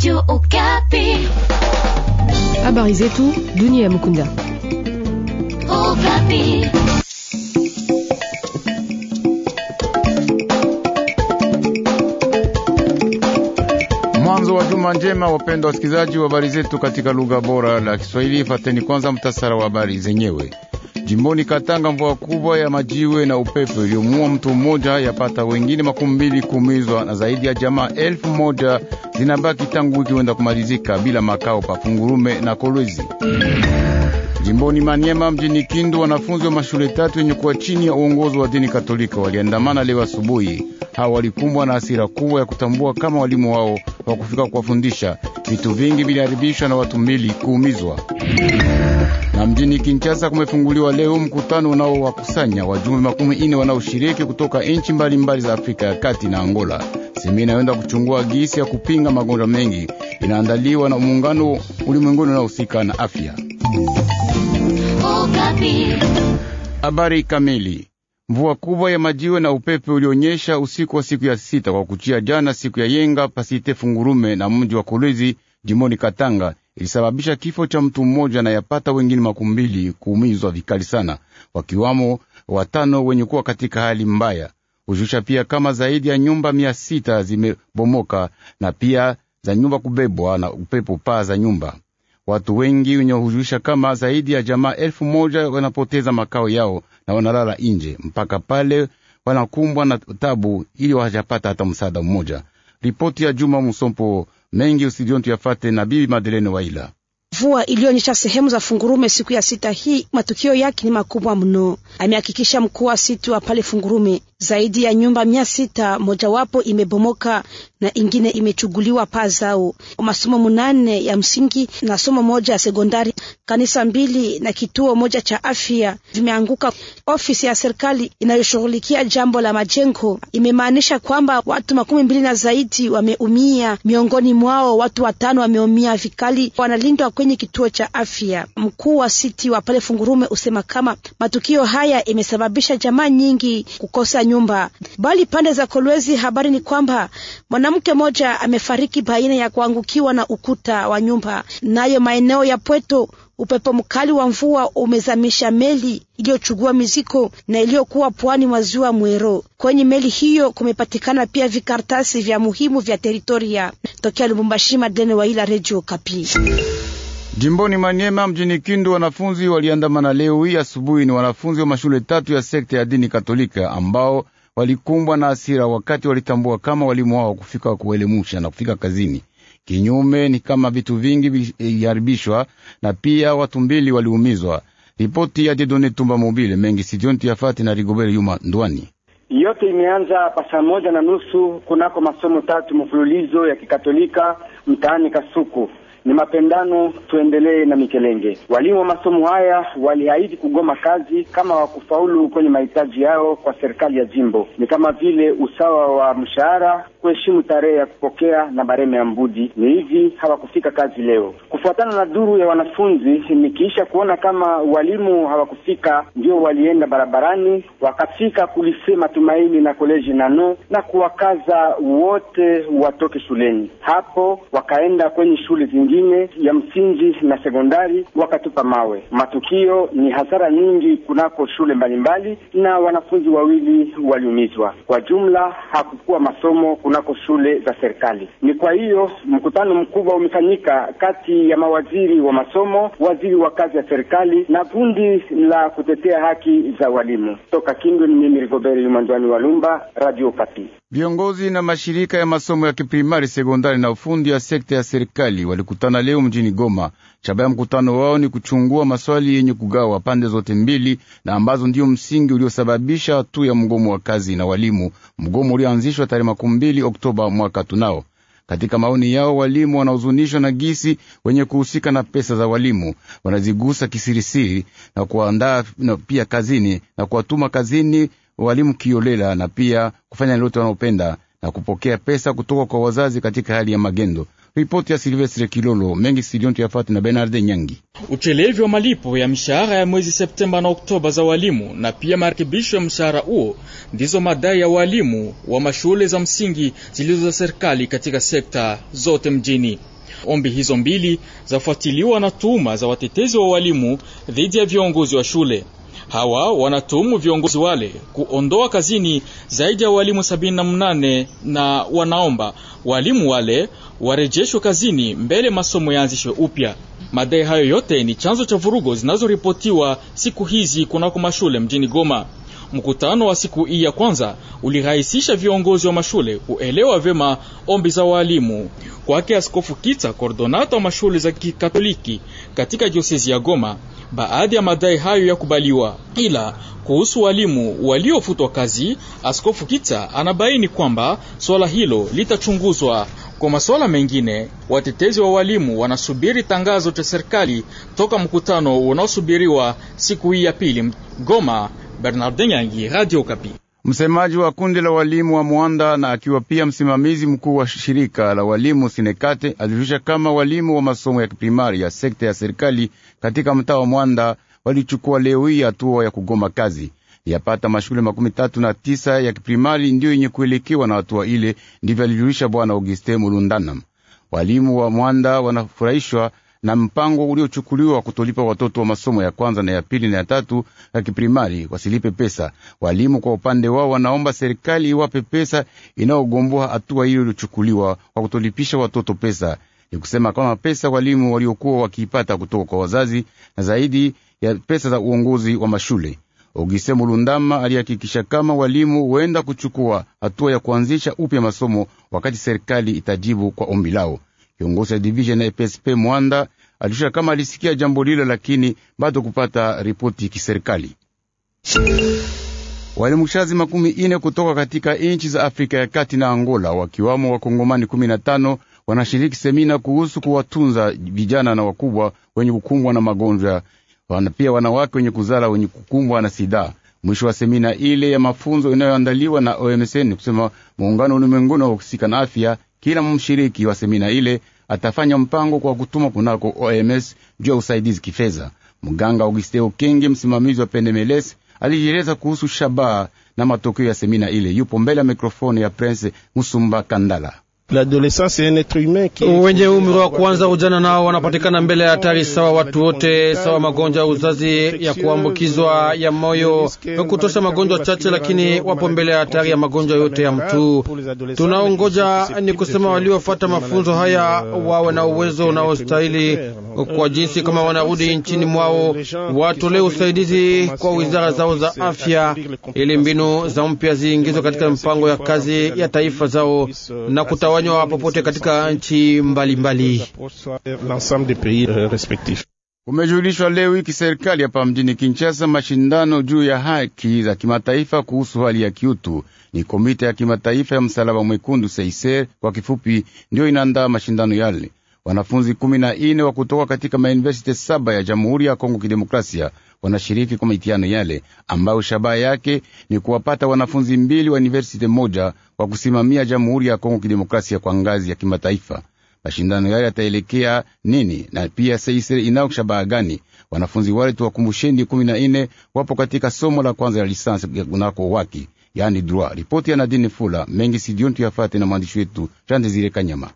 Radio Okapi. Habari zetu dunia ya mkunda. Okapi. Mwanzo wa juma njema, wapendwa wasikilizaji wa habari zetu katika lugha bora la Kiswahili. Fateni kwanza mtasara wa habari zenyewe. Jimboni Katanga, mvua kubwa ya majiwe na upepo iliyomuua mtu mmoja, yapata wengine makumi mbili kuumizwa, na zaidi ya jamaa elfu moja zinabaki tangu wiki wenda kumalizika bila makao pa Fungurume na Kolwezi. Jimboni Manyema mjini Kindu, wanafunzi wa mashule tatu yenye kuwa chini ya uongozi wa dini Katolika waliandamana leo asubuhi. Hawa walikumbwa na hasira kubwa ya kutambua kama walimu wao wa kufika kuwafundisha vitu vingi viliharibishwa na watu mbili kuumizwa. Na mjini Kinshasa kumefunguliwa leo mkutano unao wakusanya wajumbe makumi ine wanaoshiriki kutoka nchi mbalimbali za Afrika ya Kati na Angola. Semina inayoenda kuchungua gisi ya kupinga magonjwa mengi inaandaliwa na muungano ulimwenguni unaohusika na afya. Habari kamili. Mvua kubwa ya majiwe na upepe ulionyesha usiku wa siku ya sita kwa kuchia jana siku ya yenga pasite fungurume na mji wa Kolwezi jimoni Katanga ilisababisha kifo cha mtu mmoja na yapata wengine makumi mbili kuumizwa vikali sana, wakiwamo watano wenye kuwa katika hali mbaya. Hushusha pia kama zaidi ya nyumba mia sita zimebomoka na pia za nyumba kubebwa na upepo paa za nyumba Watu wengi wenye hujulisha kama zaidi ya jamaa elfu moja wanapoteza makao yao na wanalala nje mpaka pale wanakumbwa na tabu, ili wajapata hata msaada mmoja. Ripoti ya Juma Musompo mengi usidiontu yafate na Bibi Madeleni Waila. Mvua iliyoonyesha sehemu za Fungurume siku ya sita hii, matukio yake ni makubwa mno, amehakikisha mkuu wa situ wa pale Fungurume. Zaidi ya nyumba mia sita mojawapo imebomoka na ingine imechuguliwa paa zao. Masomo munane ya msingi na somo moja ya sekondari, kanisa mbili na kituo moja cha afya vimeanguka. Ofisi ya serikali inayoshughulikia jambo la majengo imemaanisha kwamba watu makumi mbili na zaidi wameumia, miongoni mwao watu watano wameumia vikali, wanalindwa kwenye kituo cha afya. Mkuu wa siti wa pale Fungurume usema kama matukio haya imesababisha jamaa nyingi kukosa nyumba. Bali pande za Kolwezi, habari ni kwamba mwanamke mmoja amefariki baina ya kuangukiwa na ukuta wa nyumba. Nayo maeneo ya Pweto, upepo mkali wa mvua umezamisha meli iliyochugua mizigo na iliyokuwa pwani mwa ziwa Mwero. Kwenye meli hiyo kumepatikana pia vikartasi vya muhimu vya teritoria. Tokea Lubumbashi, Madlene Waila, rejio Kapi. Jimboni Manyema mjini Kindu, wanafunzi waliandamana leo hii asubuhi. Ni wanafunzi wa mashule tatu ya sekta ya dini Katolika ambao walikumbwa na hasira wakati walitambua kama walimu wao kufika kuelemusha na kufika kazini kinyume. Ni kama vitu vingi viliharibishwa na pia watu mbili waliumizwa. Ripoti ya Dedone Tumba Mobile mengi sidiontu yafati na Rigobere Yuma Ndwani. Yote imeanza pa saa moja na nusu kunako masomo tatu mfululizo ya kikatolika mtaani Kasuku ni mapendano, tuendelee na Mikelenge. Walimu wa masomo haya waliahidi kugoma kazi kama wakufaulu kwenye mahitaji yao kwa serikali ya jimbo, ni kama vile usawa wa mshahara kuheshimu tarehe ya kupokea na bareme ya Mbudi, ni hivi hawakufika kazi leo. Kufuatana na duru ya wanafunzi, nikiisha kuona kama walimu hawakufika, ndio walienda barabarani wakafika kulisema Tumaini na koleji Nano na kuwakaza wote watoke shuleni hapo, wakaenda kwenye shule zingine ya msingi na sekondari, wakatupa mawe. Matukio ni hasara nyingi kunako shule mbalimbali, na wanafunzi wawili waliumizwa. Kwa jumla hakukuwa masomo kunako shule za serikali. Ni kwa hiyo mkutano mkubwa umefanyika kati ya mawaziri wa masomo, waziri wa kazi ya serikali na kundi la kutetea haki za walimu. Toka Kindu, ni mimi Rigoberi Mandwani Walumba, Radio Kapi. Viongozi na mashirika ya masomo ya kiprimari, sekondari na ufundi ya sekta ya serikali walikutana leo mjini Goma. Shabaha ya mkutano wao ni kuchungua maswali yenye kugawa pande zote mbili na ambazo ndiyo msingi uliosababisha hatua ya mgomo wa kazi na walimu, mgomo ulioanzishwa tarehe makumi mbili Oktoba mwaka tunao. Katika maoni yao, walimu wanahuzunishwa na gisi wenye kuhusika na pesa za walimu wanazigusa kisirisiri na kuandaa pia kazini na kuwatuma kazini walimu kiolela, na pia kufanya lote wanaopenda na kupokea pesa kutoka kwa wazazi katika hali ya magendo. Ripoti ya Silvestre Kilolo mengi sidiontu yafati na benard Nyangi. Uchelevi wa malipo ya mshahara ya mwezi Septemba na Oktoba za walimu na pia marekebisho ya mshahara huo ndizo madai ya walimu wa mashule za msingi zilizo za serikali katika sekta zote mjini. Ombi hizo mbili zafuatiliwa na tuhuma za watetezi wa walimu dhidi ya viongozi wa shule. Hawa wanatuhumu viongozi wale kuondoa kazini zaidi ya walimu sabini na mnane na wanaomba walimu wale warejeshwe kazini mbele masomo yaanzishwe upya. Madai hayo yote ni chanzo cha vurugo zinazoripotiwa siku hizi kunako mashule mjini Goma. Mkutano wa siku hii ya kwanza ulirahisisha viongozi wa mashule kuelewa vyema ombi za waalimu. Kwake Askofu Kita, kordonata wa mashule za Kikatoliki katika diosezi ya Goma, Baadhi ya madai hayo ya kubaliwa ila kuhusu walimu waliofutwa kazi, Askofu Kita anabaini kwamba swala hilo litachunguzwa. Kwa masuala mengine, watetezi wa walimu wanasubiri tangazo cha serikali toka mkutano unaosubiriwa siku hii ya pili Goma. Bernardin Yangi, Radio Kapi msemaji wa kundi la walimu wa Mwanda na akiwa pia msimamizi mkuu wa shirika la walimu Sinekate alijulisha kama walimu wa masomo ya kiprimari ya sekta ya serikali katika mtaa wa Mwanda walichukua leo hii hatua ya kugoma kazi. Yapata mashule makumi tatu na tisa ya kiprimari ndiyo yenye kuelekewa na hatua ile, ndivyo alijulisha Bwana Auguste Mulundana. Walimu wa Mwanda wanafurahishwa na mpango uliochukuliwa wa kutolipa watoto wa masomo ya kwanza na ya pili na ya tatu ya kiprimari wasilipe pesa. Walimu kwa upande wao wanaomba serikali iwape pesa inayogomboa hatua hiyo iliyochukuliwa kwa kutolipisha watoto pesa. Ni kusema kama pesa walimu waliokuwa wakiipata kutoka kwa wazazi na zaidi ya pesa za uongozi wa mashule. Ogise Mulundama alihakikisha kama walimu huenda kuchukua hatua ya kuanzisha upya masomo wakati serikali itajibu kwa ombi lao. Kiongozi ya division ya PSP Mwanda alisha kama alisikia jambo lile, lakini bado kupata ripoti kiserikali. Walimushazi makumi ine kutoka katika nchi za Afrika ya Kati na Angola, wakiwamo wakongomani kumi na tano wanashiriki semina kuhusu kuwatunza vijana na wakubwa wenye kukumbwa na magonjwa wana pia wanawake wenye kuzala wenye kukumbwa na sida. Mwisho wa semina ile ya mafunzo inayoandaliwa na OMSN kusema muungano ulimwenguni wa kuhusika na afya kila mshiriki wa semina ile atafanya mpango kwa kutuma kunako OMS juu ya usaidizi kifedha. Mganga Augusteo kingi msimamizi wa Pendemelesi, alijieleza kuhusu shabaha na matokeo ya semina ile. Yupo mbele ya mikrofoni ya Prince Musumba Kandala wenye umri wa kwanza ujana nao wanapatikana mbele ya hatari sawa watu wote, sawa magonjwa ya uzazi, ya kuambukizwa, ya moyo, kutosha magonjwa chache, lakini wapo mbele ya hatari ya magonjwa yote ya mtu. Tunaongoja ni kusema waliofata mafunzo haya wawe na uwezo unaostahili kwa jinsi, kama wanarudi nchini mwao, watolee usaidizi kwa wizara zao za afya, ili mbinu za mpya ziingizwe katika mpango ya kazi ya taifa zao na kutawa kutagawanywa popote katika nchi mbalimbali. Kumejulishwa euh, leo wiki serikali hapa mjini Kinshasa mashindano juu ya haki za kimataifa kuhusu hali ya kiutu. Ni komite ya kimataifa ya msalaba mwekundu Seiser kwa kifupi, ndiyo inaandaa mashindano yale. Wanafunzi kumi na ine wa kutoka katika mauniversite saba ya Jamhuri ya Kongo Kidemokrasia wanashiriki kwa maitiano yale ambayo shabaha yake ni kuwapata wanafunzi mbili wa universite moja kwa kusimamia Jamhuri ya Kongo Kidemokrasia kwa ngazi ya kimataifa. Mashindano yale yataelekea nini na pia seisere inayo shabaha gani? Wanafunzi wale tuwakumbusheni, kumi na nne wapo katika somo la kwanza la lisansi kunako waki, yaani droit. Ripoti ya Nadine Fula mengi sidioni tuyafate na mwandishi wetu Jean Desire Kanyama.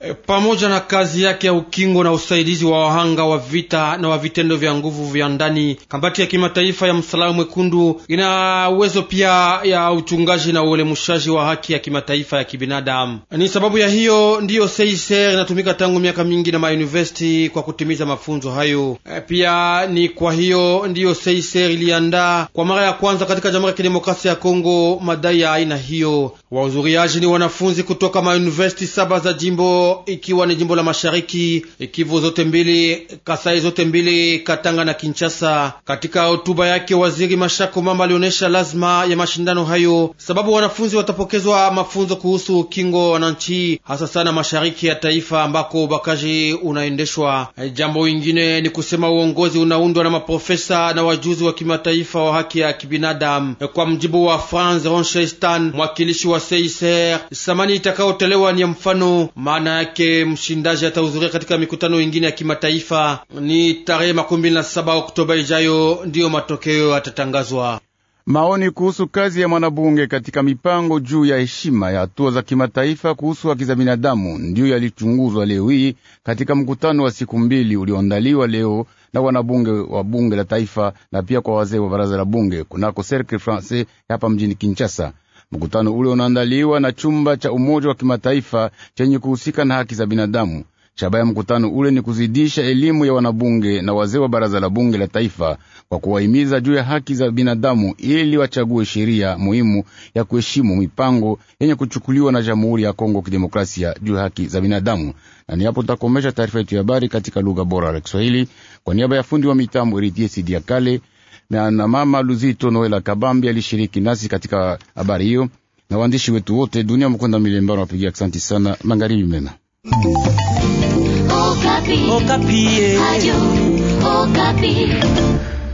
E, pamoja na kazi yake ya ukingo na usaidizi wa wahanga wa vita na wa vitendo vya nguvu vya ndani, kamati ya kimataifa ya Msalaba Mwekundu ina uwezo pia ya uchungaji na uelemushaji wa haki ya kimataifa ya kibinadamu. Ni sababu ya hiyo ndiyo Seiser inatumika tangu miaka mingi na mauniversity kwa kutimiza mafunzo hayo. E, pia ni kwa hiyo ndiyo Seiser iliandaa kwa mara ya kwanza katika Jamhuri ya Kidemokrasia ya Kongo madai ya aina hiyo. Wahudhuriaji ni wanafunzi kutoka mauniversity saba za jimbo ikiwa ni jimbo la mashariki, Kivu zote mbili, Kasai zote mbili, Katanga na Kinshasa. Katika hotuba yake, waziri Mashako Mamba alionyesha lazima ya mashindano hayo, sababu wanafunzi watapokezwa mafunzo kuhusu ukingo wananchi, hasa sana mashariki ya taifa ambako ubakaji unaendeshwa. Jambo ingine ni kusema uongozi unaundwa na maprofesa na wajuzi wa kimataifa wa haki ya kibinadamu. Kwa mjibu wa Franz Ronchestan, mwakilishi wa seiser samani itakayotolewa ni ya mfano maana yake mshindaji atahudhuria katika mikutano ingine ya kimataifa ni tarehe makumi na saba Oktoba ijayo, ndiyo matokeo yatatangazwa. Maoni kuhusu kazi ya mwanabunge katika mipango juu ya heshima ya hatua za kimataifa kuhusu haki za binadamu ndiyo yalichunguzwa leo hii katika mkutano wa siku mbili ulioandaliwa leo na wanabunge wa bunge la taifa na pia kwa wazee wa baraza la bunge kunako Cercle Francais hapa mjini Kinshasa. Mkutano ule unaandaliwa na chumba cha Umoja wa Kimataifa chenye kuhusika na haki za binadamu. Shabaha ya mkutano ule ni kuzidisha elimu ya wanabunge na wazee wa baraza la bunge la taifa kwa kuwahimiza juu ya haki za binadamu, ili wachague sheria muhimu ya kuheshimu mipango yenye kuchukuliwa na Jamhuri ya Kongo Kidemokrasia juu ya haki za binadamu. Na ni hapo tutakomesha taarifa yetu ya habari katika lugha bora la Kiswahili, kwa niaba ya fundi wa mitambo ya kale na, na mama Luzito Noela Kabambi alishiriki nasi katika habari hiyo, na waandishi wetu wote dunia Mkwenda Milemba wanapigia asanti sana. Magharibi mema. Okapi. Okapi. Eh.